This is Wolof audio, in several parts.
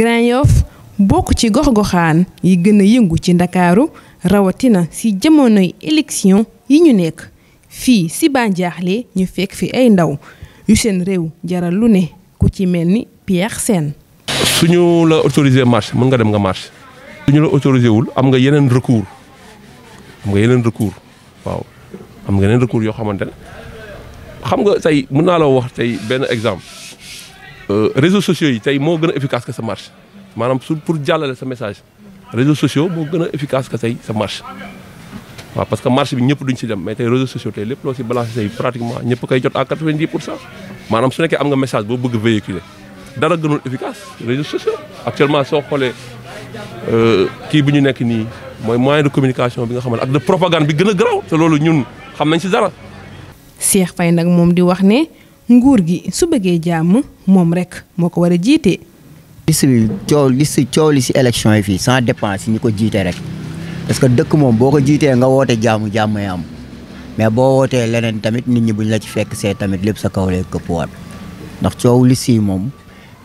Grand Yoff bokk ci gox-goxaan yi gën a yëngu ci ndakaaru rawatina ci jamonoy élection yi ñu nekk fii ci Bandiakhile ñu fekk fi ay ndaw yu seen réew jaral lu ne ku ci mel ni Pierre Sène suñu la autorisé marche mën nga dem nga marche ñu la autorisé wul am nga yeneen recours am nga yeneen recours nga yeneen recours yoo xamante ne xam nga tey mën naa la wax tey benn exemple Euh, réseaux sociaux yi tay moo gën a efficace que sa marche maanaam pour jàllale sa message réseaux sociaux moo gën a efficace que tay sa marche waaw parce que marche bi ñëpp duñ si dem mais tey réseaux sociaux tey lépp loo si balancé say pratiquement ñëpp koy jot à 90 pour cent maanaam su nekkee am nga message boo bëgg véhiculer dara gënul efficace réseaux sociaux actuellement soo xoolee euh, kii bi ñu nekk nii mooy moyen de communication bi nga xamante ak de propagande bi gën a garaaw te loolu ñun xam nañ si dara. Cheikh Faye nag moom di wax ne. nguur gi su bëggee jàmm moom rek moo ko war a jiite. liste bi coow liste coow li si élection yi fii sans dépense ñu ko jiite rek parce que dëkk moom boo ko jiitee nga woote jàmm jàmm ya am mais boo wootee leneen tamit nit ñi buñ la ci fekk see tamit lépp sa kaw lay këppuwaat ndax coow liste yi moom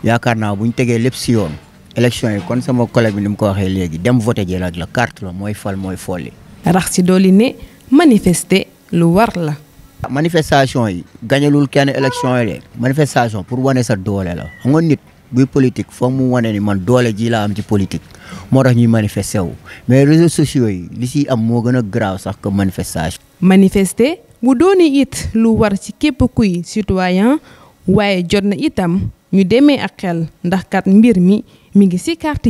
yaakaar naa bu buñ tegee lépp si yoon. élection yi kon sama collègue bi ni mu ko waxee léegi dem voté ji la carte la mooy fal mooy folli. rax ci dolli ne manifestation yi gañalul manifestation pour one. sa doole la xam nga nit buy politique foog mu wane ni man doole ji laa am ci politique ñuy manifester mais réseaux sociaux yi li am a grave sax que manifestation. manifester it lu war ci képp kuy citoyen waaye jot itam ñu demee ak xel ndax kat